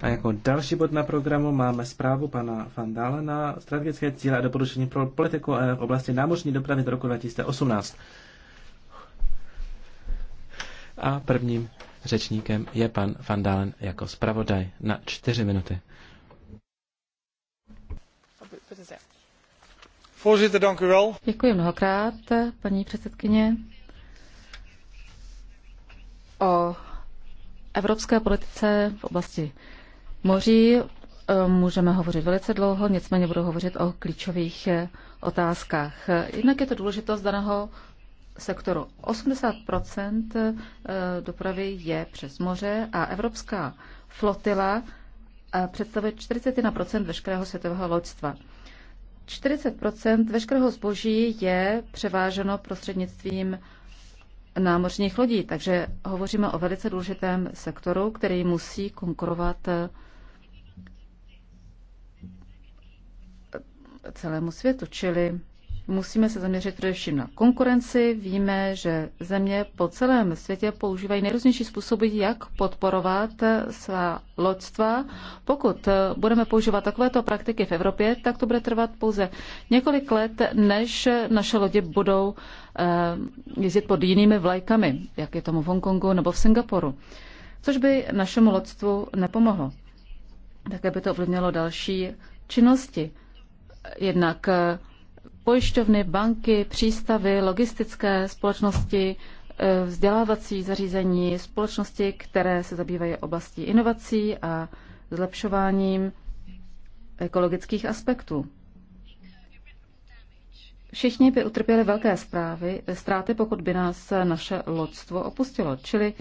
A jako další bod na programu máme zprávu pana Van Dalena, strategické cíle a doporučení pro politiku v oblasti námořní dopravy do roku 2018. A prvním řečníkem je pan Van Dalen jako zpravodaj na čtyři minuty. Děkuji mnohokrát, paní předsedkyně. O evropské politice v oblasti moří. Eh, můžeme hovořit velice dlouho, nicméně budu hovořit o klíčových eh, otázkách. Jednak je to důležitost daného sektoru. 80 eh, dopravy je přes moře a evropská flotila představuje 41 veškerého světového loďstva. 40 veškerého zboží je převáženo prostřednictvím námořních lodí, takže hovoříme o velice důležitém sektoru, který musí konkurovat celému světu, čili musíme se zaměřit především na konkurenci. Víme, že země po celém světě používají nejrůznější způsoby, jak podporovat svá loďstva. Pokud budeme používat takovéto praktiky v Evropě, tak to bude trvat pouze několik let, než naše lodě budou eh, jezdit pod jinými vlajkami, jak je tomu v Hongkongu nebo v Singapuru, což by našemu loďstvu nepomohlo. Také by to ovlivnilo další činnosti jednak eh, pojišťovny, banky, přístavy, logistické společnosti, eh, vzdělávací zařízení, společnosti, které se zabývají oblastí inovací a zlepšováním ekologických aspektů. Všichni by utrpěli velké zprávy, ztráty, pokud by nás naše lodstvo opustilo. Čili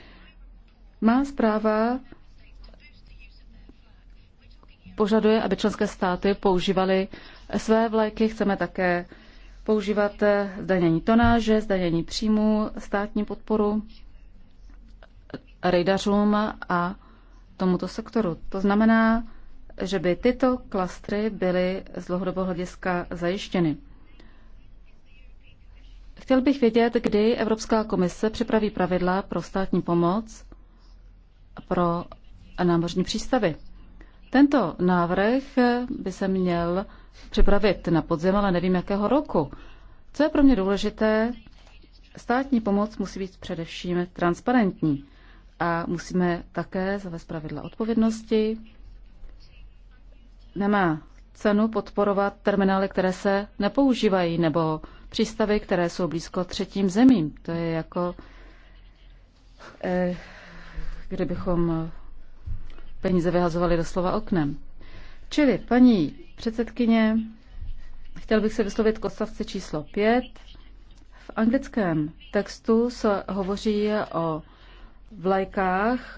má zpráva požaduje, aby členské státy používaly své vlajky, chceme také používat eh, zdanění tonáže, zdanění příjmů, státní podporu rejdařům a tomuto sektoru. To znamená, že by tyto klastry byly z dlouhodobého hlediska zajištěny. Chtěl bych vědět, kdy Evropská komise připraví pravidla pro státní pomoc pro námořní přístavy. Tento návrh by se měl připravit na podzim, ale nevím jakého roku. Co je pro mě důležité, státní pomoc musí být především transparentní a musíme také zavést pravidla odpovědnosti. Nemá cenu podporovat terminály, které se nepoužívají, nebo přístavy, které jsou blízko třetím zemím. To je jako, eh, kdybychom peníze vyhazovali doslova oknem. Čili, paní předsedkyně, chtěl bych se vyslovit k odstavci číslo 5. V anglickém textu se hovoří o vlajkách,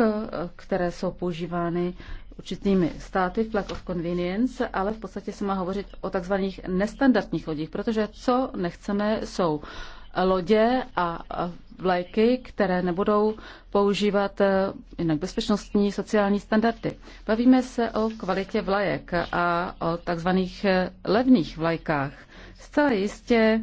které jsou používány určitými státy, flag of convenience, ale v podstatě se má hovořit o takzvaných nestandardních lodích, protože co nechceme, jsou lodě a vlajky, které nebudou používat eh, jinak bezpečnostní sociální standardy. Bavíme se o kvalitě vlajek a o takzvaných eh, levných vlajkách. Zcela jistě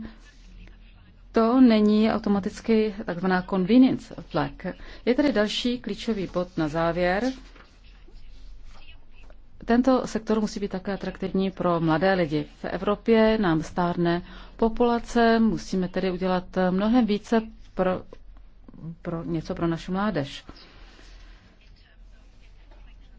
to není automaticky takzvaná convenience flag. Je tady další klíčový bod na závěr. Tento sektor musí být také atraktivní pro mladé lidi. V Evropě nám stárne populace, musíme tedy udělat eh, mnohem více pro, pro něco pro naši mládež.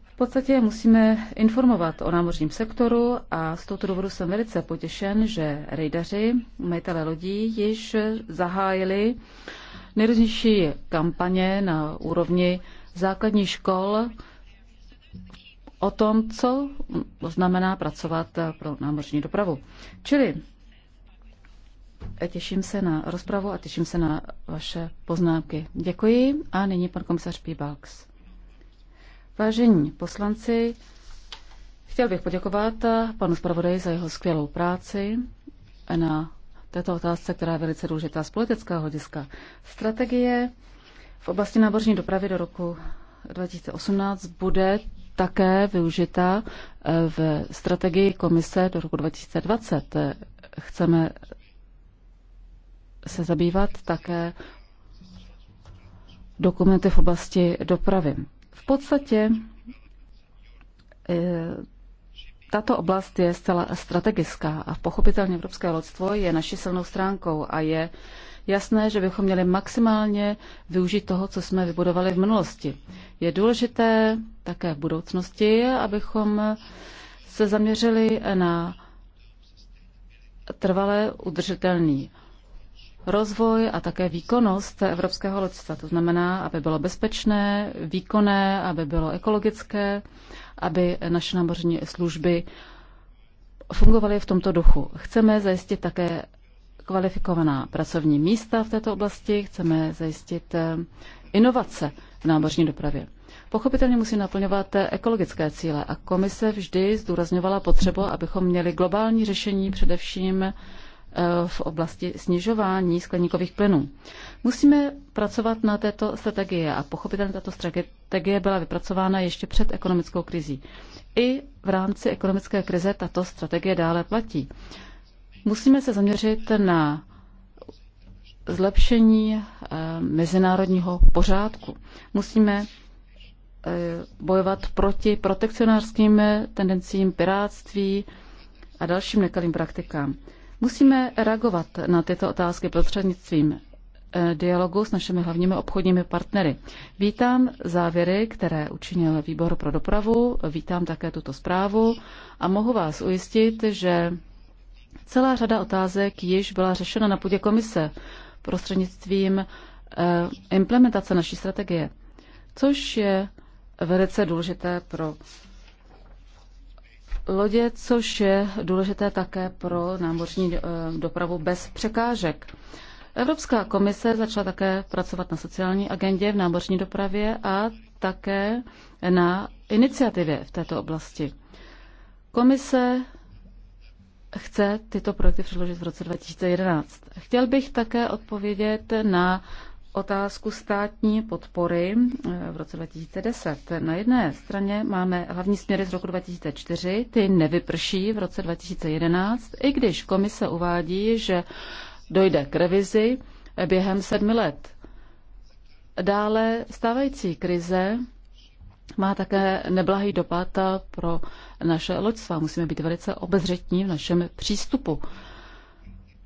V podstatě musíme informovat o námořním sektoru a z tohoto důvodu jsem velice potěšen, že rejdaři, majitelé lodí, již zahájili nejrůznější kampaně na úrovni základních škol, o tom, co znamená pracovat pro námořní dopravu. Čili eh, těším se na rozpravu a těším se na vaše poznámky. Děkuji a nyní pan komisař Píbalks. Vážení poslanci, chtěl bych poděkovat panu zpravodaji za jeho skvělou práci na této otázce, která je velice důležitá z politického hlediska. Strategie v oblasti nábořní dopravy do roku 2018 bude také využita eh, v strategii komise do roku 2020. Chceme se zabývat také dokumenty v oblasti dopravy. V podstatě eh, tato oblast je zcela strategická a pochopitelně evropské lodstvo je naší silnou stránkou a je jasné, že bychom měli maximálně využít toho, co jsme vybudovali v minulosti. Je důležité také v budoucnosti, abychom se zaměřili na trvalé udržitelný rozvoj a také výkonnost evropského lidstva. To znamená, aby bylo bezpečné, výkonné, aby bylo ekologické, aby naše námořní služby fungovaly v tomto duchu. Chceme zajistit také kvalifikovaná pracovní místa v této oblasti, chceme zajistit eh, inovace v námořní dopravě. Pochopitelně musí naplňovat eh, ekologické cíle a komise vždy zdůrazňovala potřebu, abychom měli globální řešení především eh, v oblasti snižování skleníkových plynů. Musíme pracovat na této strategii a pochopitelně tato strategie byla vypracována ještě před ekonomickou krizí. I v rámci ekonomické krize tato strategie dále platí. Musíme se zaměřit na zlepšení eh, mezinárodního pořádku. Musíme eh, bojovat proti protekcionářským tendencím, pirátství a dalším nekalým praktikám. Musíme reagovat na tyto otázky prostřednictvím eh, dialogu s našimi hlavními obchodními partnery. Vítám závěry, které učinil výbor pro dopravu, vítám také tuto zprávu a mohu vás ujistit, že Celá řada otázek již byla řešena na půdě komise prostřednictvím eh, implementace naší strategie, což je velice důležité pro lodě, což je důležité také pro námořní eh, dopravu bez překážek. Evropská komise začala také pracovat na sociální agendě v námořní dopravě a také na iniciativě v této oblasti. Komise chce tyto projekty předložit v roce 2011. Chtěl bych také odpovědět na otázku státní podpory eh, v roce 2010. Na jedné straně máme hlavní směry z roku 2004, ty nevyprší v roce 2011, i když komise uvádí, že dojde k revizi eh, během sedmi let. Dále stávající krize má také neblahý dopad pro naše loďstva. Musíme být velice obezřetní v našem přístupu.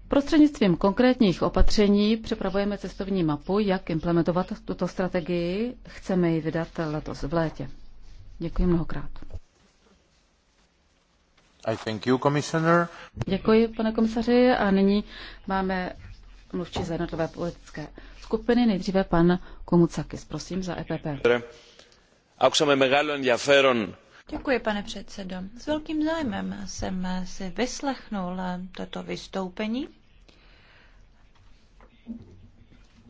Prostřednictvím konkrétních opatření připravujeme cestovní mapu, jak implementovat tuto strategii. Chceme ji vydat letos v létě. Děkuji mnohokrát. I thank you, commissioner. Děkuji, pane komisaři. A nyní máme mluvčí za jednotlivé politické skupiny. Nejdříve pan Komucakis, prosím, za EPP. Děkuji. Děkuji, pane předsedající S velkým zájmem jsem si vyslechl toto vystoupení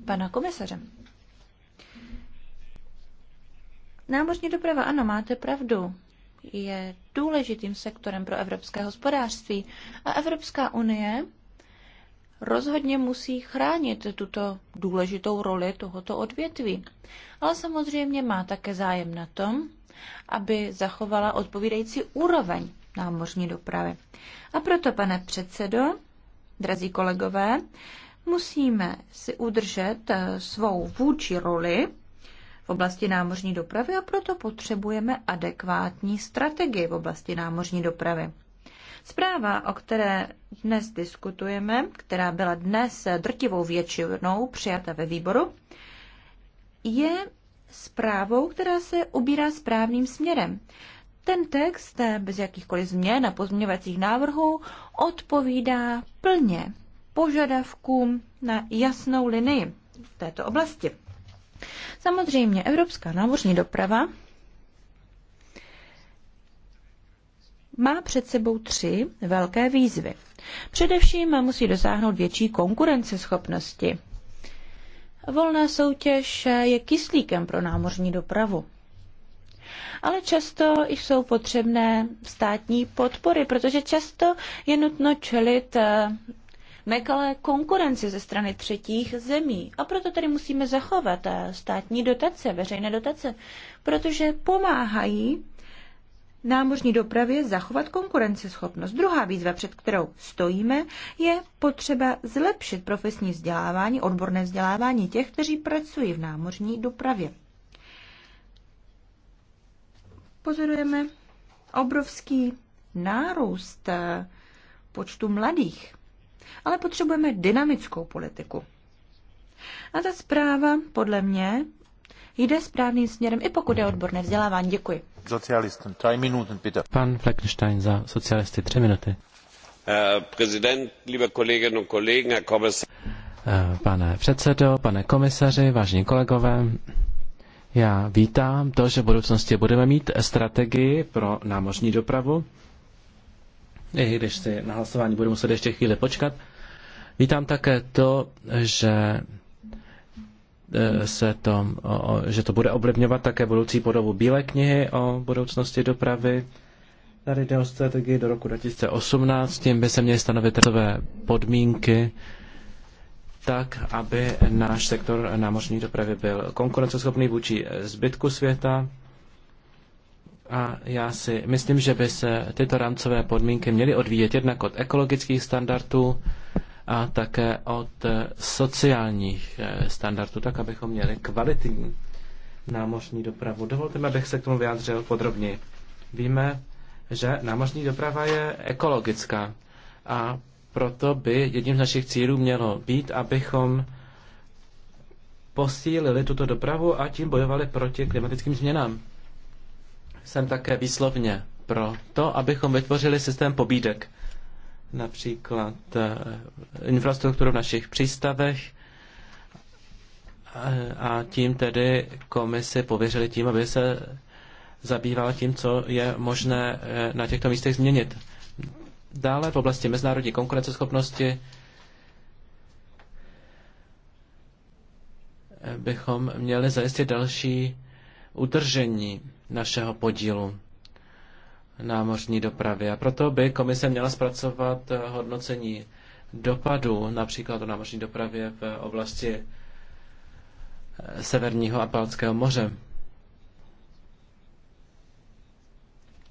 pana komisaře. Námořní doprava, ano, máte pravdu, je důležitým sektorem pro evropské hospodářství a Evropská unie rozhodně musí chránit tuto důležitou roli tohoto odvětví. Ale samozřejmě má také zájem na tom, aby zachovala odpovídající úroveň námořní dopravy. A proto, pane předsedo, drazí kolegové, musíme si udržet eh, svou vůči roli v oblasti námořní dopravy a proto potřebujeme adekvátní strategii v oblasti námořní dopravy. Zpráva, o které dnes diskutujeme, která byla dnes drtivou většinou přijata ve výboru, je zprávou, která se ubírá správným směrem. Ten text bez jakýchkoliv změn a pozměňovacích návrhů odpovídá plně požadavkům na jasnou linii v této oblasti. Samozřejmě, evropská námořní doprava má před sebou tři velké výzvy. Především musí dosáhnout větší konkurenceschopnosti. Volná soutěž je kyslíkem pro námořní dopravu. Ale často jsou potřebné státní podpory, protože často je nutno čelit eh, nekalé konkurenci ze strany třetích zemí. A proto tady musíme zachovat eh, státní dotace, veřejné dotace, protože pomáhají námořní dopravě zachovat konkurenceschopnost. Druhá výzva, před kterou stojíme, je potřeba zlepšit profesní vzdělávání, odborné vzdělávání těch, kteří pracují v námořní dopravě. Pozorujeme obrovský nárůst eh, počtu mladých, ale potřebujeme dynamickou politiku. A ta zpráva podle mě jde správným směrem, i pokud je odborné vzdělávání. Děkuji. Socialisten, tři minuty, bitte. Pan Fleckenstein za socialisty, tři minuty. Eh, prezident, liebe Kolleginnen und Kollegen, Herr Kommissar. Eh, pane předsedo, pane komisaři, vážení kolegové, já vítám to, že v budoucnosti budeme mít strategii pro námořní dopravu, i když si na hlasování budu muset ještě chvíli počkat. Vítám také to, že Eh, se to, o, že to bude ovlivňovat také budoucí podobu Bílé knihy o budoucnosti dopravy. Tady jde o strategii do roku 2018, tím by se měly stanovit takové podmínky, tak, aby náš sektor námořní dopravy byl konkurenceschopný vůči eh, zbytku světa. A já si myslím, že by se tyto rámcové podmínky měly odvíjet jednak od ekologických standardů, a také od sociálních eh, standardů, tak abychom měli kvalitní námořní dopravu. Dovolte mi, abych se k tomu vyjádřil podrobněji. Víme, že námořní doprava je ekologická a proto by jedním z našich cílů mělo být, abychom posílili tuto dopravu a tím bojovali proti klimatickým změnám. Jsem také výslovně pro to, abychom vytvořili systém pobídek například eh, infrastrukturu v našich přístavech eh, a tím tedy komisi pověřili tím, aby se zabývala tím, co je možné eh, na těchto místech změnit. Dále v oblasti mezinárodní konkurenceschopnosti bychom měli zajistit další udržení našeho podílu námořní dopravy. A proto by komise měla zpracovat eh, hodnocení dopadu například o námořní dopravě v oblasti eh, Severního a Balckého moře.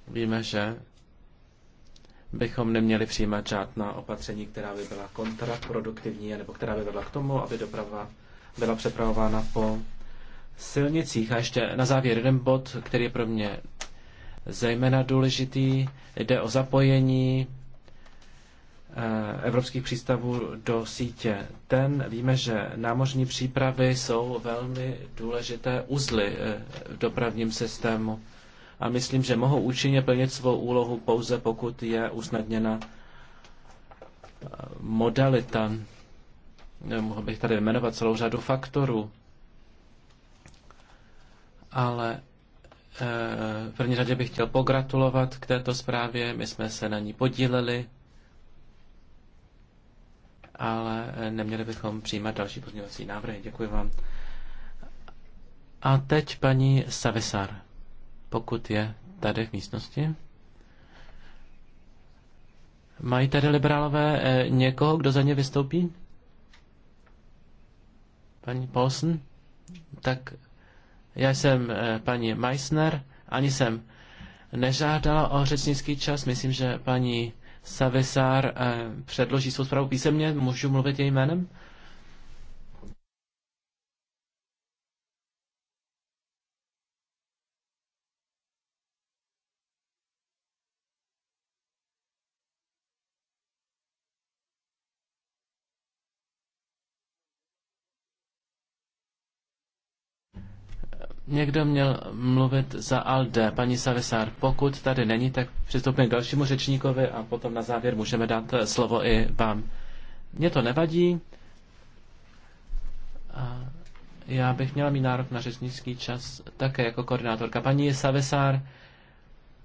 Víme, že bychom neměli přijímat žádná opatření, která by byla kontraproduktivní, nebo která by vedla k tomu, aby doprava byla přepravována po silnicích. A ještě na závěr jeden bod, který je pro mě zejména důležitý. Jde o zapojení eh, evropských přístavů do sítě. Ten víme, že námořní přípravy jsou velmi důležité uzly eh, v dopravním systému a myslím, že mohou účinně plnit svou úlohu pouze pokud je usnadněna eh, modalita. Mohl bych tady jmenovat celou řadu faktorů, ale Eh, v první řadě bych chtěl pogratulovat k této zprávě. My jsme se na ní podíleli, ale eh, neměli bychom přijímat další pozměňovací návrhy. Děkuji vám. A teď paní Savisar, pokud je tady v místnosti. Mají tady liberálové eh, někoho, kdo za ně vystoupí? Paní Paulsen? Tak já jsem eh, paní Meissner, ani jsem nežádala o řečnický čas. Myslím, že paní Savisár eh, předloží svou zprávu písemně. Můžu mluvit jejím jménem? Někdo měl mluvit za ALDE, paní Savisár. Pokud tady není, tak přistoupíme k dalšímu řečníkovi a potom na závěr můžeme dát slovo i vám. Mně to nevadí. A já bych měla mít nárok na řečnický čas také jako koordinátorka. Paní Savisár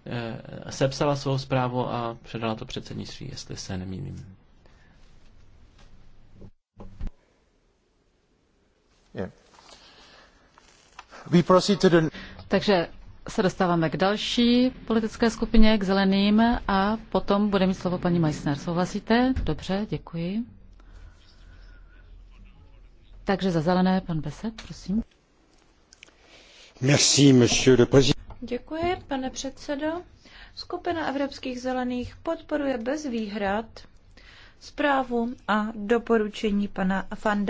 eh, sepsala svou zprávu a předala to předsednictví, jestli se nemýlím. Yeah. Takže se dostáváme k další politické skupině, k zeleným a potom bude mít slovo paní Meissner. Souhlasíte? Dobře, děkuji. Takže za zelené pan Beset, prosím. Merci, monsieur le président. Děkuji, pane předsedo. Skupina Evropských zelených podporuje bez výhrad zprávu a doporučení pana Van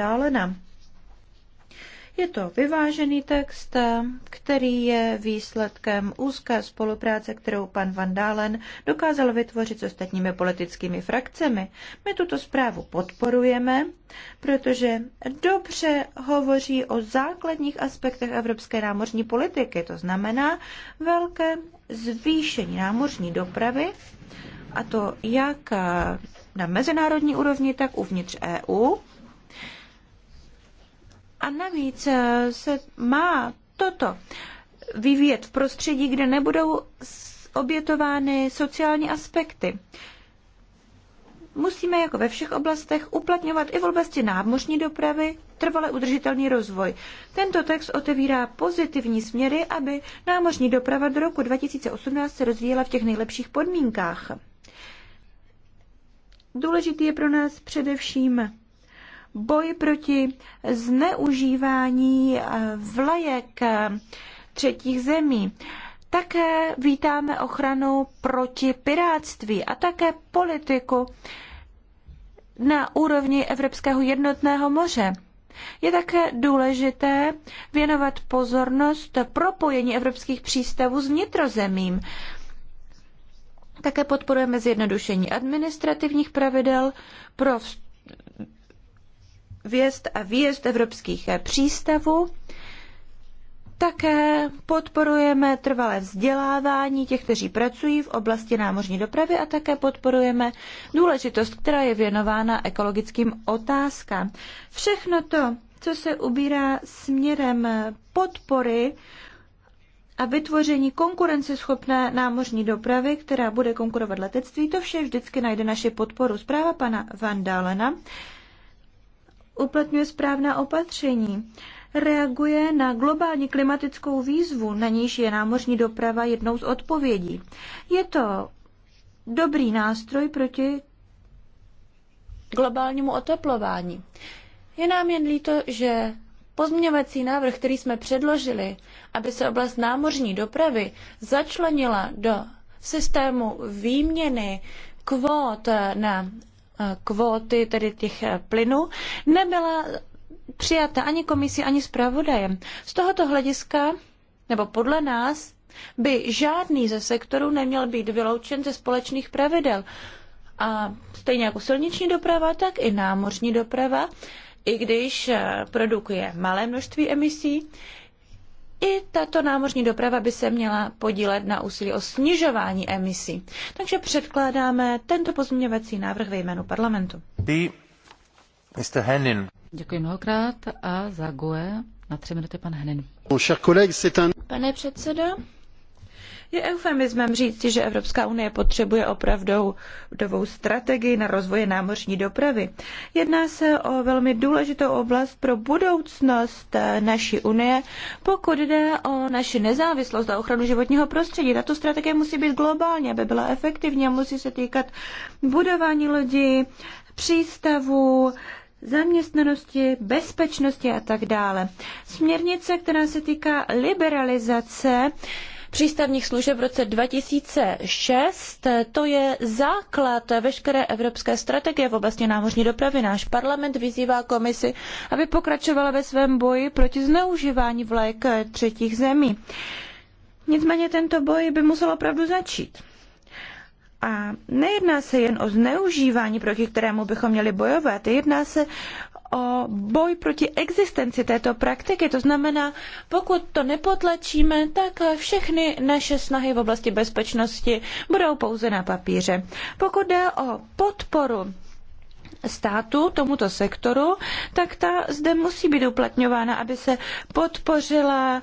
je to vyvážený text, který je výsledkem úzké spolupráce, kterou pan Van Dalen dokázal vytvořit s ostatními politickými frakcemi. My tuto zprávu podporujeme, protože dobře hovoří o základních aspektech evropské námořní politiky, to znamená velké zvýšení námořní dopravy, a to jak na mezinárodní úrovni, tak uvnitř EU a navíc eh, se má toto vyvíjet v prostředí, kde nebudou obětovány sociální aspekty. Musíme jako ve všech oblastech uplatňovat i v oblasti námořní dopravy trvale udržitelný rozvoj. Tento text otevírá pozitivní směry, aby námořní doprava do roku 2018 se rozvíjela v těch nejlepších podmínkách. Důležitý je pro nás především boj proti zneužívání eh, vlajek eh, třetích zemí. Také vítáme ochranu proti piráctví a také politiku na úrovni Evropského jednotného moře. Je také důležité věnovat pozornost propojení evropských přístavů s vnitrozemím. Také podporujeme zjednodušení administrativních pravidel pro vstup vjezd a výjezd evropských přístavů. Také podporujeme trvalé vzdělávání těch, kteří pracují v oblasti námořní dopravy a také podporujeme důležitost, která je věnována ekologickým otázkám. Všechno to, co se ubírá směrem podpory a vytvoření konkurenceschopné námořní dopravy, která bude konkurovat letectví, to vše vždycky najde naše podporu. Zpráva pana Van Dalena uplatňuje správná opatření, reaguje na globální klimatickou výzvu, na níž je námořní doprava jednou z odpovědí. Je to dobrý nástroj proti globálnímu oteplování. Je nám jen líto, že pozměňovací návrh, který jsme předložili, aby se oblast námořní dopravy začlenila do systému výměny kvót na Eh, kvóty, tedy těch eh, plynů, nebyla přijata ani komisí, ani zpravodajem. Z tohoto hlediska, nebo podle nás, by žádný ze sektorů neměl být vyloučen ze společných pravidel. A stejně jako silniční doprava, tak i námořní doprava, i když eh, produkuje malé množství emisí, i tato námořní doprava by se měla podílet na úsilí o snižování emisí. Takže předkládáme tento pozměňovací návrh ve jménu parlamentu. The... Mr. Henin. Děkuji mnohokrát a za GUE na tři minuty pan Henin. Pane předsedo, je eufemismem říct, že Evropská unie potřebuje opravdu dovou strategii na rozvoje námořní dopravy. Jedná se o velmi důležitou oblast pro budoucnost naší unie, pokud jde o naši nezávislost a ochranu životního prostředí. Tato strategie musí být globální, aby byla efektivní a musí se týkat budování lodí, přístavů, zaměstnanosti, bezpečnosti a tak dále. Směrnice, která se týká liberalizace přístavních služeb v roce 2006. To je základ veškeré evropské strategie v oblasti námořní dopravy. Náš parlament vyzývá komisi, aby pokračovala ve svém boji proti zneužívání vlajek třetích zemí. Nicméně tento boj by musel opravdu začít. A nejedná se jen o zneužívání, proti kterému bychom měli bojovat, jedná se o boj proti existenci této praktiky. To znamená, pokud to nepotlačíme, tak všechny naše snahy v oblasti bezpečnosti budou pouze na papíře. Pokud jde o podporu státu tomuto sektoru, tak ta zde musí být uplatňována, aby se podpořila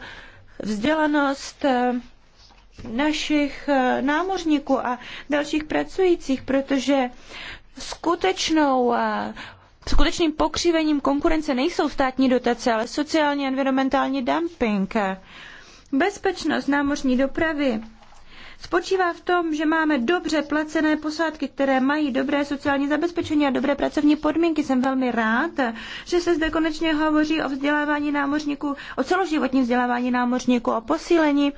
vzdělanost eh, našich eh, námořníků a dalších pracujících, protože skutečnou eh, Skutečným pokřivením konkurence nejsou státní dotace, ale sociálně environmentální dumping. Bezpečnost námořní dopravy spočívá v tom, že máme dobře placené posádky, které mají dobré sociální zabezpečení a dobré pracovní podmínky. Jsem velmi rád, že se zde konečně hovoří o vzdělávání námořníků, o celoživotním vzdělávání námořníků, o posílení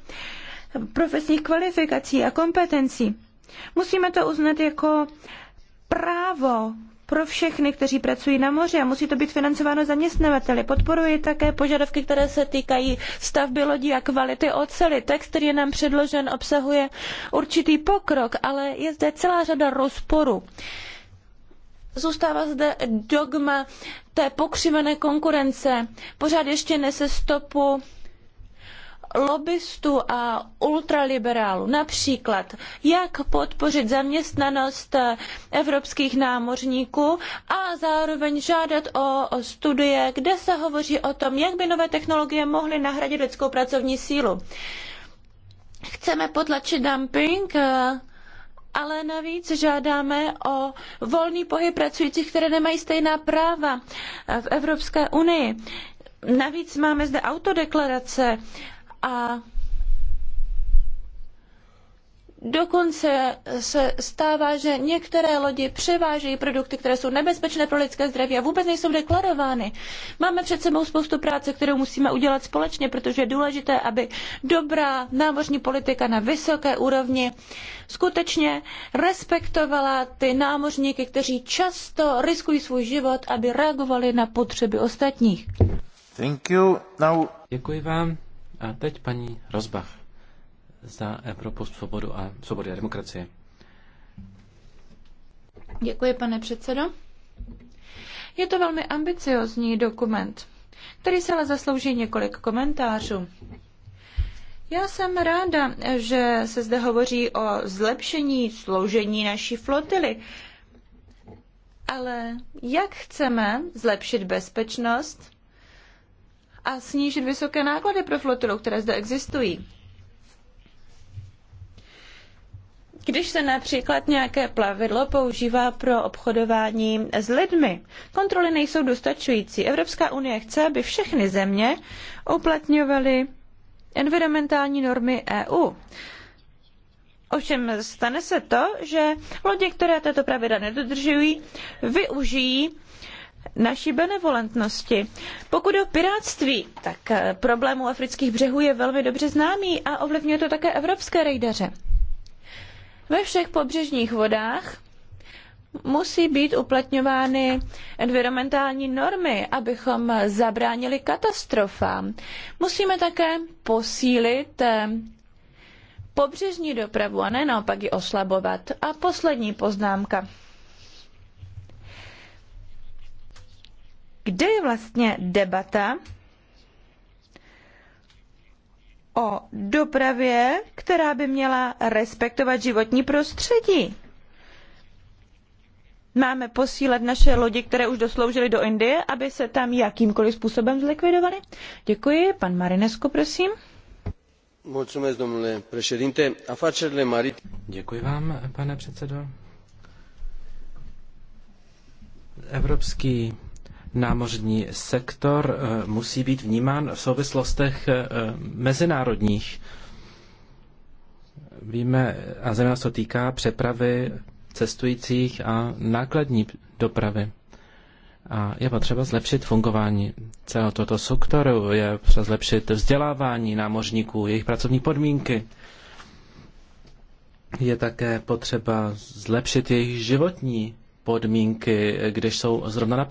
profesních kvalifikací a kompetencí. Musíme to uznat jako právo pro všechny, kteří pracují na moři a musí to být financováno zaměstnavateli. Podporuji také požadavky, které se týkají stavby lodí a kvality oceli. Text, který je nám předložen, obsahuje určitý pokrok, ale je zde celá řada rozporů. Zůstává zde dogma té pokřivené konkurence. Pořád ještě nese stopu lobbystů a ultraliberálů. Například, jak podpořit zaměstnanost evropských námořníků a zároveň žádat o studie, kde se hovoří o tom, jak by nové technologie mohly nahradit lidskou pracovní sílu. Chceme potlačit dumping, ale navíc žádáme o volný pohyb pracujících, které nemají stejná práva v Evropské unii. Navíc máme zde autodeklarace a Dokonce se stává, že některé lodi převážejí produkty, které jsou nebezpečné pro lidské zdraví a vůbec nejsou deklarovány. Máme před sebou spoustu práce, kterou musíme udělat společně, protože je důležité, aby dobrá námořní politika na vysoké úrovni skutečně respektovala ty námořníky, kteří často riskují svůj život, aby reagovali na potřeby ostatních. Thank you. Now... Děkuji vám. A teď paní Rozbach za Evropu svobodu a svobody a demokracie. Děkuji, pane předsedo. Je to velmi ambiciozní dokument, který se ale zaslouží několik komentářů. Já jsem ráda, že se zde hovoří o zlepšení složení naší flotily. Ale jak chceme zlepšit bezpečnost, a snížit vysoké náklady pro flotilu, které zde existují. Když se například nějaké plavidlo používá pro obchodování s lidmi, kontroly nejsou dostačující. Evropská unie chce, aby všechny země uplatňovaly environmentální normy EU. Ovšem stane se to, že lodě, které tato pravidla nedodržují, využijí naší benevolentnosti. Pokud o pirátství, tak eh, problém u afrických břehů je velmi dobře známý a ovlivňuje to také evropské rejdaře. Ve všech pobřežních vodách musí být uplatňovány environmentální normy, abychom zabránili katastrofám. Musíme také posílit eh, pobřežní dopravu a ne naopak ji oslabovat. A poslední poznámka. Kde je vlastně debata o dopravě, která by měla respektovat životní prostředí? Máme posílat naše lodi, které už dosloužily do Indie, aby se tam jakýmkoliv způsobem zlikvidovaly? Děkuji. Pan Marinesku, prosím. Děkuji vám, pane předsedo. Evropský námořní sektor eh, musí být vnímán v souvislostech eh, mezinárodních. Víme, a zejména se to týká přepravy cestujících a nákladní dopravy. A je potřeba zlepšit fungování celého tohoto sektoru, je potřeba zlepšit vzdělávání námořníků, jejich pracovní podmínky. Je také potřeba zlepšit jejich životní podmínky, eh, když jsou zrovna na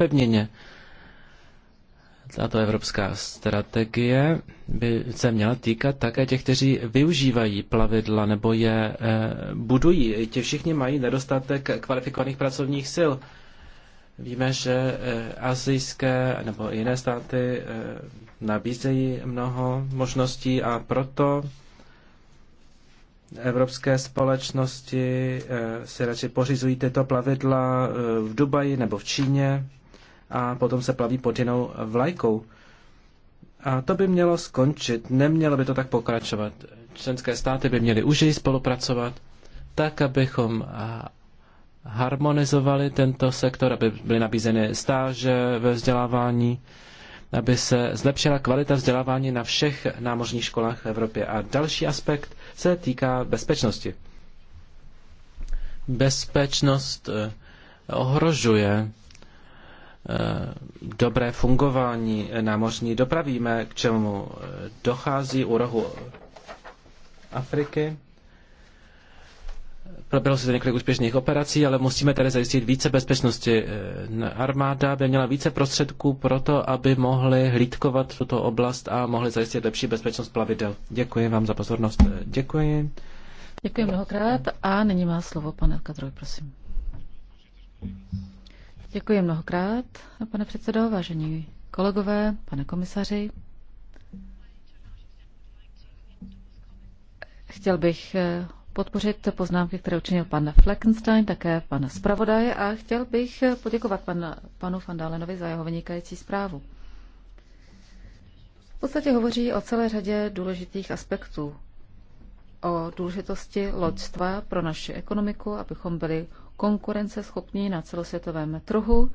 tato evropská strategie by se měla týkat také těch, kteří využívají plavidla nebo je eh, budují. Ti všichni mají nedostatek kvalifikovaných pracovních sil. Víme, že eh, azijské nebo jiné státy eh, nabízejí mnoho možností a proto evropské společnosti si radši pořizují tyto plavidla v Dubaji nebo v Číně a potom se plaví pod jinou vlajkou. A to by mělo skončit, nemělo by to tak pokračovat. Členské státy by měly užij spolupracovat, tak, abychom harmonizovali tento sektor, aby byly nabízeny stáže ve vzdělávání, aby se zlepšila kvalita vzdělávání na všech námořních školách v Evropě. A další aspekt se týká bezpečnosti. Bezpečnost eh, ohrožuje Eh, dobré fungování námořní dopravy. Víme, k čemu eh, dochází u rohu Afriky. Proběhlo se několik úspěšných operací, ale musíme tady zajistit více bezpečnosti. Eh, armáda by měla více prostředků pro to, aby mohli hlídkovat tuto oblast a mohli zajistit lepší bezpečnost plavidel. Děkuji vám za pozornost. Děkuji. Děkuji mnohokrát a nyní má slovo pan Elkadroj, prosím. Děkuji mnohokrát, pane předsedo, vážení kolegové, pane komisaři. Chtěl bych eh, podpořit poznámky, které učinil pan Fleckenstein, také pan zpravodaj a chtěl bych eh, poděkovat pan, panu Fandálenovi za jeho vynikající zprávu. V podstatě hovoří o celé řadě důležitých aspektů. O důležitosti loďstva pro naši ekonomiku, abychom byli konkurenceschopní na celosvětovém trhu,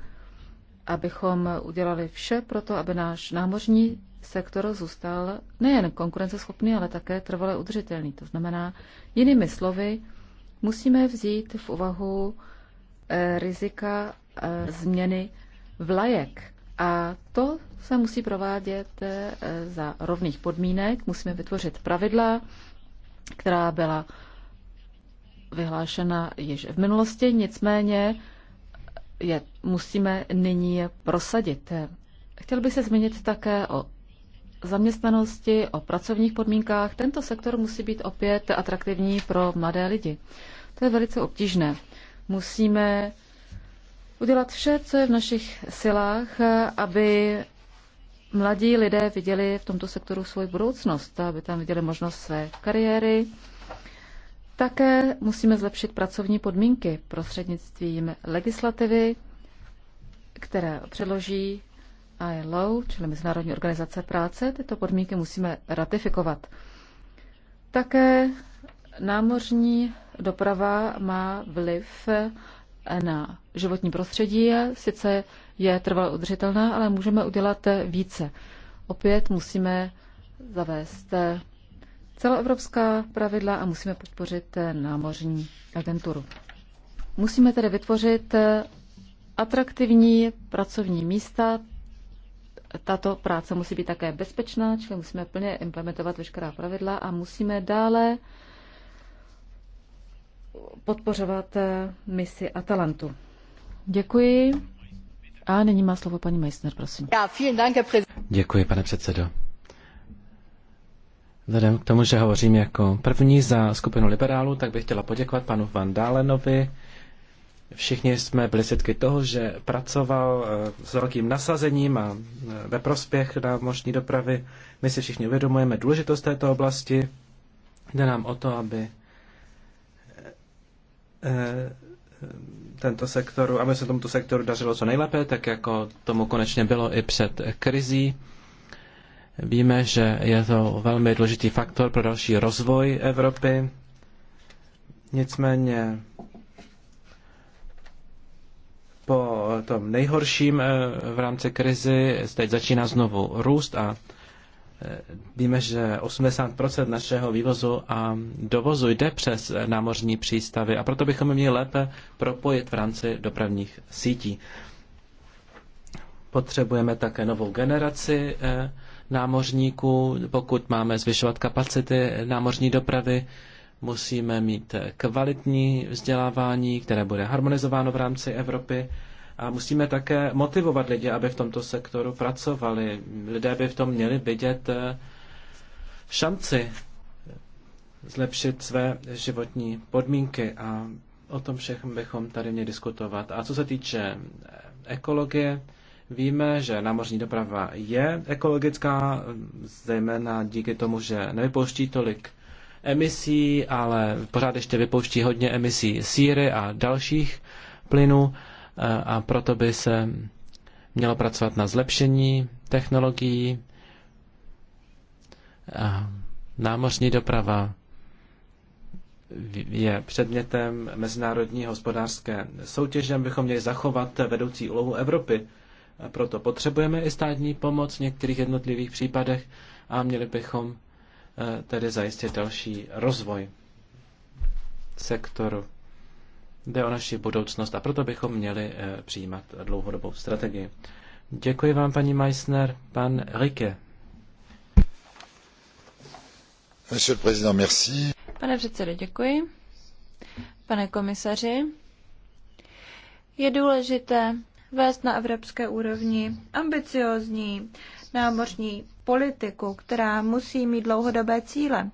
abychom udělali vše pro to, aby náš námořní sektor zůstal nejen konkurenceschopný, ale také trvale udržitelný. To znamená, jinými slovy, musíme vzít v úvahu eh, rizika eh, změny vlajek. A to se musí provádět eh, za rovných podmínek. Musíme vytvořit pravidla, která byla vyhlášena již v minulosti, nicméně je musíme nyní prosadit. Chtěl bych se zmínit také o zaměstnanosti, o pracovních podmínkách. Tento sektor musí být opět atraktivní pro mladé lidi. To je velice obtížné. Musíme udělat vše, co je v našich silách, aby mladí lidé viděli v tomto sektoru svoji budoucnost, aby tam viděli možnost své kariéry, také musíme zlepšit pracovní podmínky prostřednictvím legislativy, které předloží ILO, čili Mezinárodní organizace práce. Tyto podmínky musíme ratifikovat. Také námořní doprava má vliv na životní prostředí, sice je trvalo udržitelná, ale můžeme udělat více. Opět musíme zavést celoevropská pravidla a musíme podpořit eh, námořní agenturu. Musíme tedy vytvořit eh, atraktivní pracovní místa. Tato práce musí být také bezpečná, čili musíme plně implementovat veškerá pravidla a musíme dále podpořovat eh, misi Atalantu. Děkuji. A nyní má slovo paní Meissner, prosím. Děkuji, pane předsedo. Vzhledem k tomu, že hovořím jako první za skupinu liberálů, tak bych chtěla poděkovat panu Van Dálenovi. Všichni jsme byli svědky toho, že pracoval eh, s velkým nasazením a eh, ve prospěch námořní dopravy. My si všichni uvědomujeme důležitost této oblasti. Jde nám o to, aby eh, tento sektoru, aby se tomuto sektoru dařilo co nejlépe, tak jako tomu konečně bylo i před krizí. Víme, že je to velmi důležitý faktor pro další rozvoj Evropy. Nicméně po tom nejhorším eh, v rámci krizi teď začíná znovu růst a eh, víme, že 80% našeho vývozu a dovozu jde přes námořní přístavy a proto bychom měli lépe propojit v rámci dopravních sítí. Potřebujeme také novou generaci eh, námořníků, pokud máme zvyšovat kapacity námořní dopravy, musíme mít kvalitní vzdělávání, které bude harmonizováno v rámci Evropy a musíme také motivovat lidi, aby v tomto sektoru pracovali. Lidé by v tom měli vidět eh, šanci zlepšit své životní podmínky a o tom všech bychom tady měli diskutovat. A co se týče ekologie, Víme, že námořní doprava je ekologická, zejména díky tomu, že nevypouští tolik emisí, ale pořád ještě vypouští hodně emisí síry a dalších plynů eh, a proto by se mělo pracovat na zlepšení technologií. Námořní doprava je předmětem mezinárodní hospodářské soutěže, bychom měli zachovat vedoucí úlohu Evropy proto potřebujeme i státní pomoc v některých jednotlivých případech a měli bychom eh, tedy zajistit další rozvoj sektoru. Jde o naši budoucnost a proto bychom měli eh, přijímat dlouhodobou strategii. Děkuji vám, paní Meissner. Pan Rike. Monsieur le Président, merci. Pane předsedo, děkuji. Pane komisaři, je důležité vést na evropské úrovni ambiciozní námořní politiku, která musí mít dlouhodobé cíle.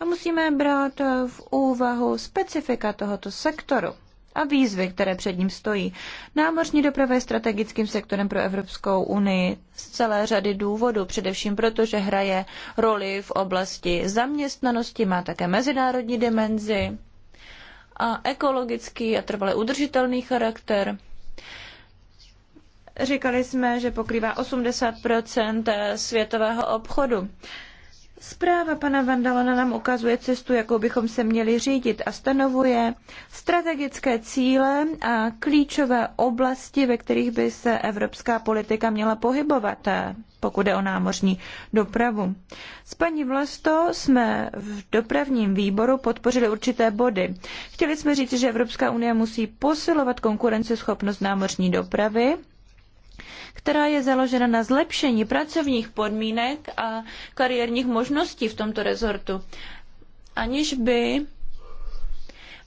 A musíme brát v úvahu specifika tohoto sektoru a výzvy, které před ním stojí. Námořní doprava je strategickým sektorem pro Evropskou unii z celé řady důvodů, především proto, že hraje roli v oblasti zaměstnanosti, má také mezinárodní dimenzi a ekologický a trvale udržitelný charakter. Říkali jsme, že pokrývá 80 světového obchodu. Zpráva pana Vandalona nám ukazuje cestu, jakou bychom se měli řídit a stanovuje strategické cíle a klíčové oblasti, ve kterých by se evropská politika měla pohybovat, pokud je o námořní dopravu. S paní Vlasto jsme v dopravním výboru podpořili určité body. Chtěli jsme říct, že Evropská unie musí posilovat konkurenceschopnost námořní dopravy, která je založena na zlepšení pracovních podmínek a kariérních možností v tomto rezortu, aniž by,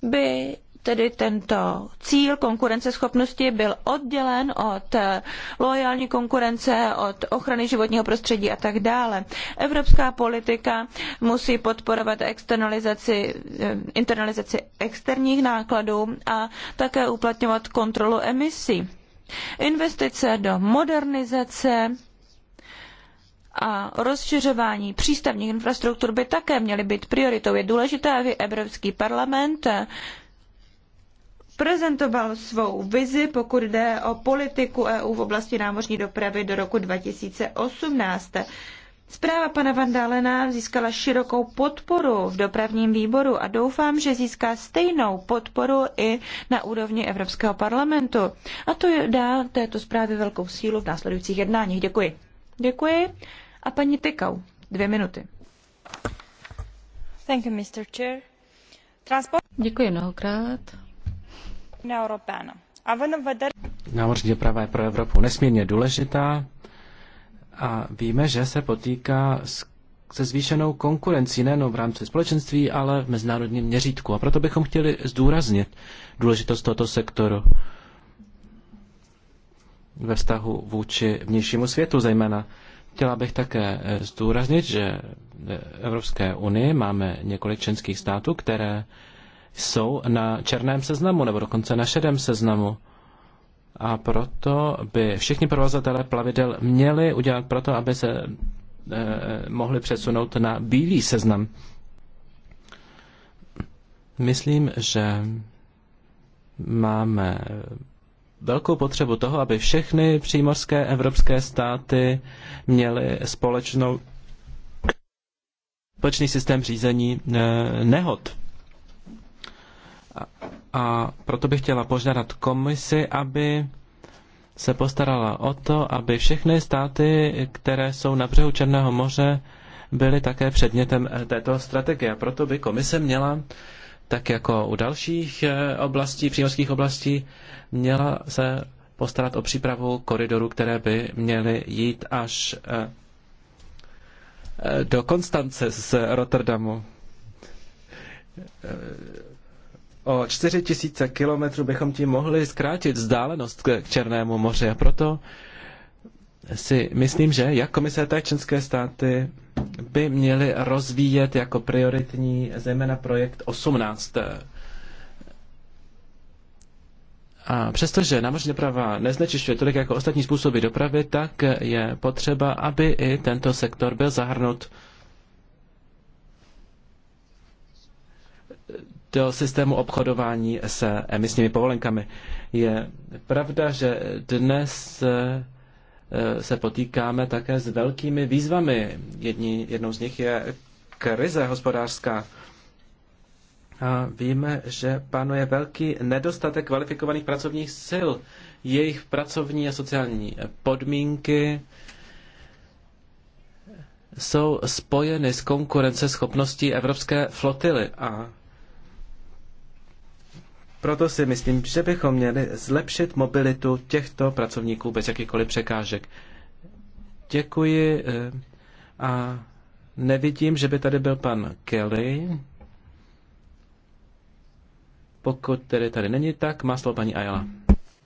by tedy tento cíl konkurenceschopnosti byl oddělen od eh, loajální konkurence, od ochrany životního prostředí a tak dále. Evropská politika musí podporovat externalizaci, eh, internalizaci externích nákladů a také uplatňovat kontrolu emisí. Investice do modernizace a rozšiřování přístavních infrastruktur by také měly být prioritou. Je důležité, aby Evropský parlament prezentoval svou vizi, pokud jde o politiku EU v oblasti námořní dopravy do roku 2018. Zpráva pana Vandalena získala širokou podporu v dopravním výboru a doufám, že získá stejnou podporu i na úrovni Evropského parlamentu. A to dá této zprávě velkou sílu v následujících jednáních. Děkuji. Děkuji. A paní Tykau, dvě minuty. Thank you, Mr. Chair. Transport... Děkuji mnohokrát. Námořní doprava je pro Evropu nesmírně důležitá a víme, že se potýká s se zvýšenou konkurencí nejen v rámci společenství, ale v mezinárodním měřítku. A proto bychom chtěli zdůraznit důležitost tohoto sektoru ve vztahu vůči vnějšímu světu zejména. Chtěla bych také eh, zdůraznit, že v Evropské unii máme několik členských států, které jsou na černém seznamu nebo dokonce na šedém seznamu a proto by všichni provozatelé plavidel měli udělat proto, aby se eh, mohli přesunout na bílý seznam. Myslím, že máme velkou potřebu toho, aby všechny přímořské evropské státy měly společnou, společný systém řízení eh, nehod. A proto bych chtěla požádat komisi, aby se postarala o to, aby všechny státy, které jsou na břehu Černého moře, byly také předmětem eh, této strategie. A proto by komise měla, tak jako u dalších eh, oblastí, přímořských oblastí, měla se postarat o přípravu koridorů, které by měly jít až eh, do Konstance z Rotterdamu O 4 tisíce kilometrů bychom tím mohli zkrátit vzdálenost k Černému moři a proto si myslím, že jak komise, tak členské státy by měly rozvíjet jako prioritní zejména projekt 18. A přestože námořní doprava neznečišťuje tolik jako ostatní způsoby dopravy, tak je potřeba, aby i tento sektor byl zahrnut do systému obchodování se emisními povolenkami. Je pravda, že dnes eh, se potýkáme také s velkými výzvami. Jedni, jednou z nich je krize hospodářská. A víme, že panuje velký nedostatek kvalifikovaných pracovních sil. Jejich pracovní a sociální podmínky jsou spojeny s konkurenceschopností evropské flotily a proto si myslím, že bychom měli zlepšit mobilitu těchto pracovníků bez jakýchkoliv překážek. Děkuji eh, a nevidím, že by tady byl pan Kelly. Pokud tedy tady není, tak má slovo paní Ayala.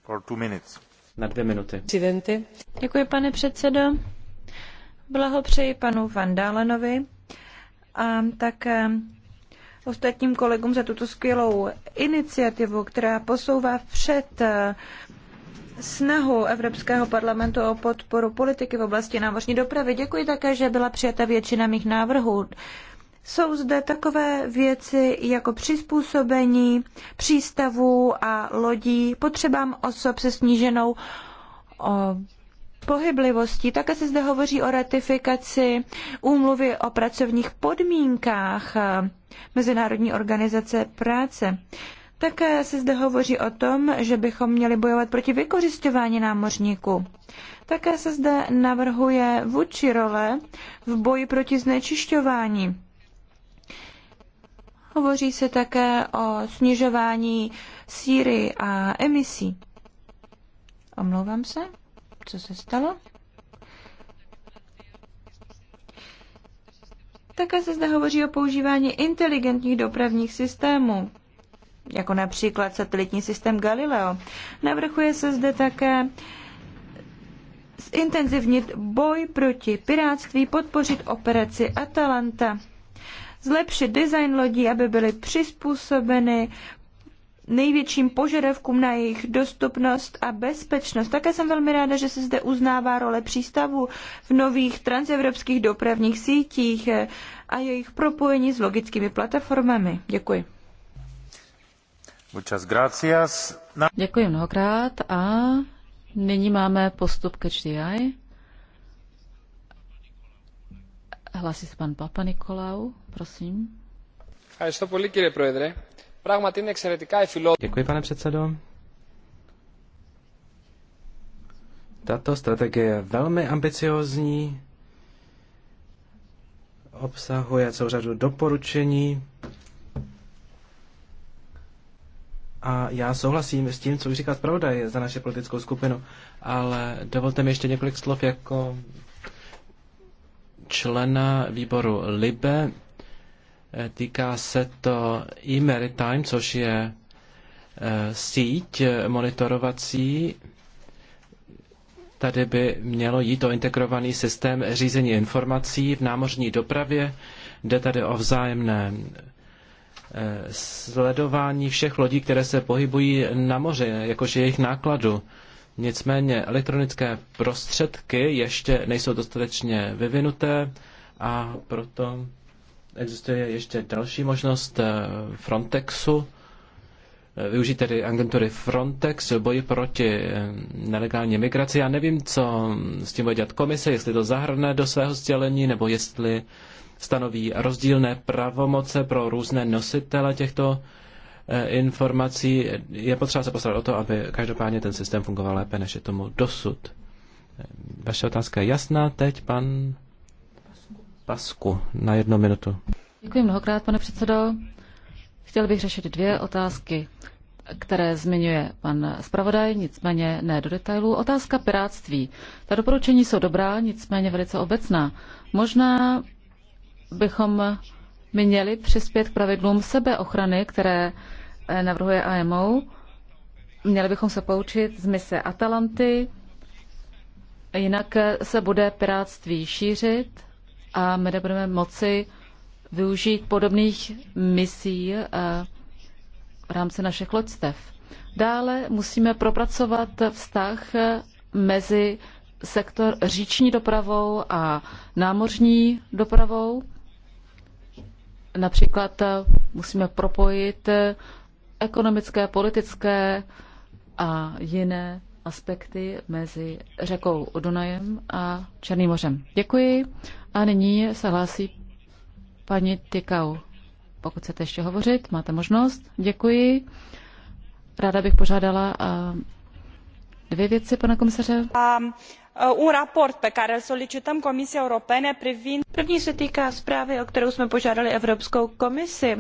For two minutes. Na dvě minuty. Prezidenty. Děkuji, pane předsedo. Blahopřeji panu Vandálenovi a také ostatním kolegům za tuto skvělou iniciativu, která posouvá vpřed eh, snahu Evropského parlamentu o podporu politiky v oblasti námořní dopravy. Děkuji také, že byla přijata většina mých návrhů. Jsou zde takové věci jako přizpůsobení přístavů a lodí potřebám osob se sníženou o pohyblivostí. Také se zde hovoří o ratifikaci úmluvy o pracovních podmínkách Mezinárodní organizace práce. Také se zde hovoří o tom, že bychom měli bojovat proti vykořišťování námořníků. Také se zde navrhuje vůči role v boji proti znečišťování. Hovoří se také o snižování síry a emisí. Omlouvám se, co se stalo? Také se zde hovoří o používání inteligentních dopravních systémů, jako například satelitní systém Galileo. Navrchuje se zde také zintenzivnit boj proti pirátství, podpořit operaci Atalanta, zlepšit design lodí, aby byly přizpůsobeny největším požadavkům na jejich dostupnost a bezpečnost. Také jsem velmi ráda, že se zde uznává role přístavů v nových transevropských dopravních sítích a jejich propojení s logickými platformami. Děkuji. Děkuji mnohokrát a nyní máme postup ke HDI. Hlásí se pan Papa Nikolau, prosím. Ευχαριστώ πολύ κύριε Πρόεδρε. Děkuji, pane předsedo. Tato strategie je velmi ambiciozní, obsahuje celou řadu doporučení a já souhlasím s tím, co už říká zpravodaj za naše politickou skupinu, ale dovolte mi ještě několik slov jako člena výboru LIBE Eh, týká se to e-maritime, což je eh, síť eh, monitorovací. Tady by mělo jít o integrovaný systém řízení informací v námořní dopravě. Jde tady o vzájemné sledování všech lodí, které se pohybují na moři, jakož jejich nákladu. Nicméně elektronické prostředky ještě nejsou dostatečně vyvinuté a proto Existuje ještě další možnost eh, Frontexu, eh, využít tedy agentury Frontex v boji proti eh, nelegální migraci. Já nevím, co s tím bude dělat komise, jestli to zahrne do svého sdělení, nebo jestli stanoví rozdílné pravomoce pro různé nositele těchto informací. Je potřeba se postarat o to, aby každopádně ten systém fungoval lépe, než je tomu dosud. Vaše otázka je jasná. Teď pan Pasku na jednu minutu. Děkuji mnohokrát, pane předsedo. Chtěl bych řešit dvě otázky, které zmiňuje pan zpravodaj, nicméně ne do detailů. Otázka piráctví. Ta doporučení jsou dobrá, nicméně velice obecná. Možná bychom měli přispět k pravidlům sebeochrany, které eh, navrhuje AMO. Měli bychom se poučit z mise Atalanty, jinak se bude piráctví šířit a my nebudeme moci využít podobných misí eh, v rámci našich loďstev. Dále musíme propracovat vztah eh, mezi sektor říční dopravou a námořní dopravou. Například eh, musíme propojit ekonomické, politické a jiné aspekty mezi řekou Dunajem a Černým mořem. Děkuji. A nyní se hlásí paní Tykau. Pokud chcete ještě hovořit, máte možnost. Děkuji. Ráda bych požádala eh, dvě věci, pana komisaře. Um, un raport pe care îl solicităm Comisiei Europene privind... První se týká zprávy, o kterou jsme požádali Evropskou komisi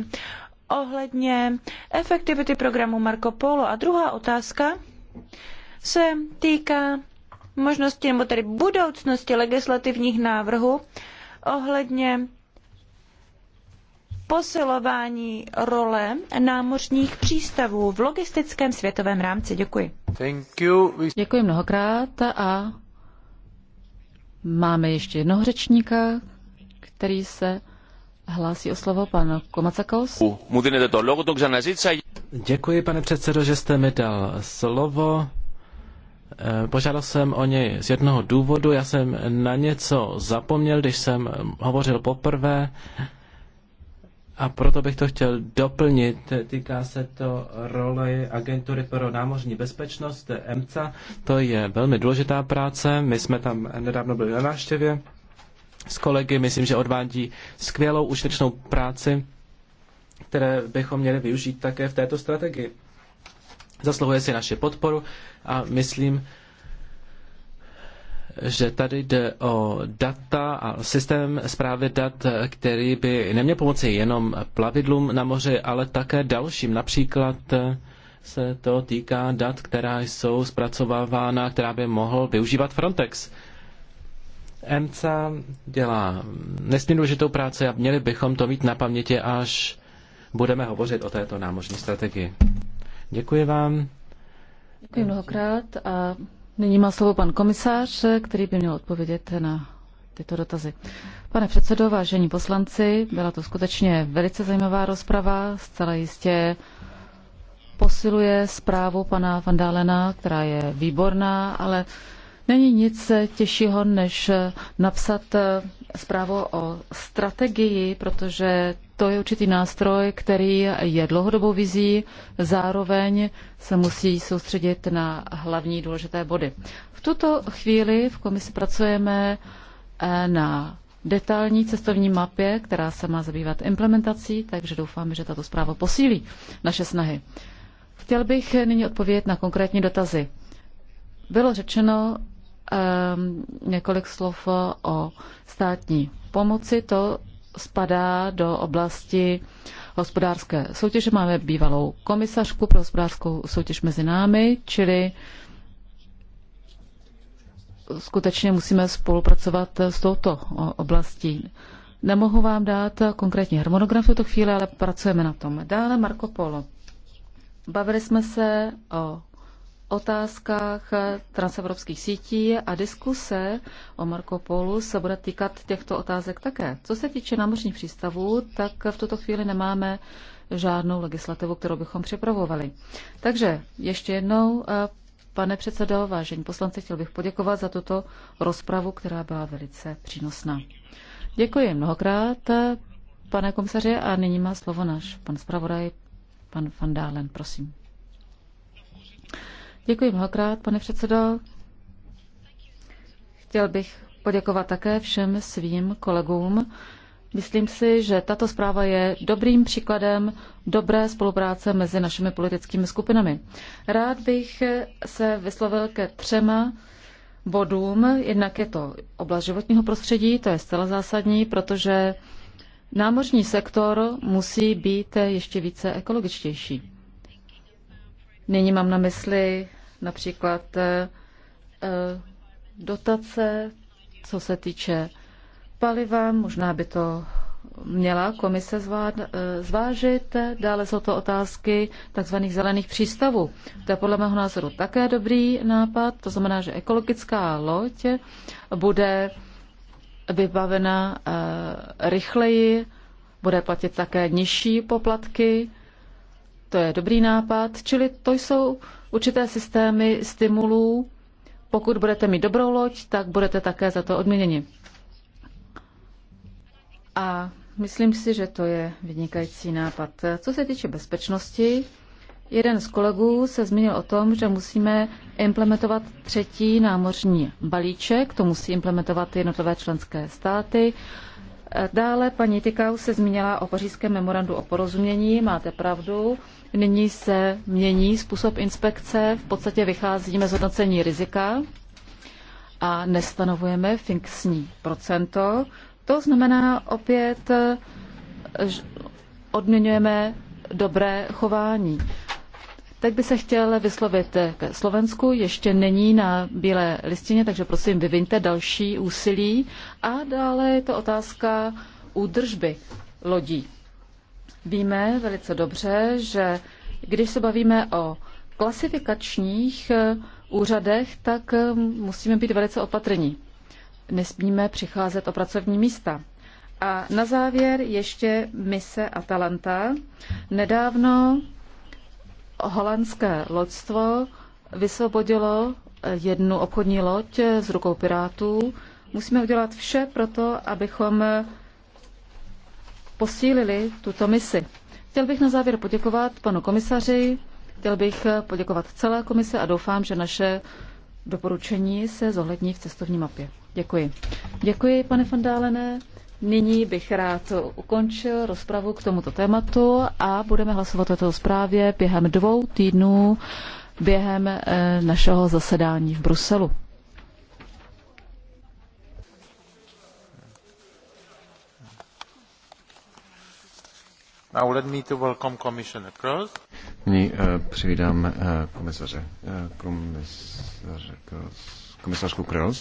ohledně efektivity programu Marco Polo. A druhá otázka se týká možnosti nebo tedy budoucnosti legislativních návrhů ohledně posilování role námořních přístavů v logistickém světovém rámci. Děkuji. Thank you. Děkuji mnohokrát a máme ještě jednoho řečníka, který se hlásí o slovo pan Komacakos. Děkuji, pane předsedo, že jste mi dal slovo. Eh, požádal jsem o něj z jednoho důvodu. Já jsem na něco zapomněl, když jsem hovořil poprvé a proto bych to chtěl doplnit. Týká se to role agentury pro námořní bezpečnost EMCA. To je velmi důležitá práce. My jsme tam nedávno byli na návštěvě s kolegy. Myslím, že odvádí skvělou užitečnou práci, které bychom měli využít také v této strategii. Zasluhuje si naši podporu a myslím, že tady jde o data a systém zprávy dat, který by neměl pomoci jenom plavidlům na moři, ale také dalším. Například se to týká dat, která jsou zpracovávána, která by mohl využívat Frontex. EMCA dělá nesmírně důležitou práci a měli bychom to mít na paměti, až budeme hovořit o této námořní strategii. Děkuji vám. Děkuji mnohokrát a nyní má slovo pan komisář, který by měl odpovědět na tyto dotazy. Pane předsedo, vážení poslanci, byla to skutečně velice zajímavá rozprava, zcela jistě posiluje zprávu pana Vandálena, která je výborná, ale není nic těžšího, než napsat zprávu o strategii, protože to je určitý nástroj, který je dlouhodobou vizí, zároveň se musí soustředit na hlavní důležité body. V tuto chvíli v komisi pracujeme eh, na detailní cestovní mapě, která se má zabývat implementací, takže doufám, že tato zpráva posílí naše snahy. Chtěl bych nyní odpovědět na konkrétní dotazy. Bylo řečeno um, několik slov o státní pomoci. To spadá do oblasti hospodářské soutěže. Máme bývalou komisařku pro hospodářskou soutěž mezi námi, čili skutečně musíme spolupracovat s touto oblastí. Nemohu vám dát konkrétní harmonogram v tuto chvíli, ale pracujeme na tom. Dále Marco Polo. Bavili jsme se o otázkách eh, transevropských sítí a diskuse o Marco Polu se bude týkat těchto otázek také. Co se týče námořních přístavů, tak v tuto chvíli nemáme žádnou legislativu, kterou bychom připravovali. Takže ještě jednou, eh, pane předsedo, vážení poslanci, chtěl bych poděkovat za tuto rozpravu, která byla velice přínosná. Děkuji mnohokrát, eh, pane komisaři, a nyní má slovo náš pan zpravodaj, pan Van Dalen, prosím. Děkuji mnohokrát, pane předsedo. Chtěl bych poděkovat také všem svým kolegům. Myslím si, že tato zpráva je dobrým příkladem dobré spolupráce mezi našimi politickými skupinami. Rád bych se vyslovil ke třema bodům. Jednak je to oblast životního prostředí, to je zcela zásadní, protože námořní sektor musí být ještě více ekologičtější. Nyní mám na mysli například eh, eh, dotace, co se týče paliva, možná by to měla komise eh, zvážit. Dále jsou to otázky tzv. zelených přístavů. To je podle mého názoru také dobrý nápad. To znamená, že ekologická loď bude vybavena rychleji, bude platit také nižší poplatky. To je dobrý nápad. Čili to jsou určité systémy stimulů. Pokud budete mít dobrou loď, tak budete také za to odměněni. A myslím si, že to je vynikající nápad. Co se týče bezpečnosti, jeden z kolegů se zmínil o tom, že musíme implementovat třetí námořní balíček, to musí implementovat jednotlivé členské státy. Dále paní Tikau se zmínila o pařížském memorandu o porozumění, máte pravdu. Nyní se mění způsob inspekce, v podstatě vycházíme z hodnocení rizika a nestanovujeme fixní procento. To znamená opět, eh, že odměňujeme dobré chování. Tak by se chtěl vyslovit ke Slovensku, ještě není na bílé listině, takže prosím vyvinte další úsilí. A dále je to otázka údržby lodí. Víme velice dobře, že když se bavíme o klasifikačních eh, úřadech, tak eh, musíme být velice opatrní. Nesmíme přicházet o pracovní místa. A na závěr ještě mise Atalanta. Nedávno holandské loďstvo vysvobodilo eh, jednu obchodní loď s rukou pirátů. Musíme udělat vše pro to, abychom posílili tuto misi. Chtěl bych na závěr poděkovat panu komisaři, chtěl bych poděkovat celé komise a doufám, že naše doporučení se zohlední v cestovní mapě. Děkuji. Děkuji, pane Fandálené. Nyní bych rád ukončil rozpravu k tomuto tématu a budeme hlasovat o této zprávě během dvou týdnů během eh, našeho zasedání v Bruselu. Now let me to welcome Commissioner Kroos. Nyní uh, eh, přivídám uh, eh, komisaře, uh, komisaře Kroos, komisařku Kroos.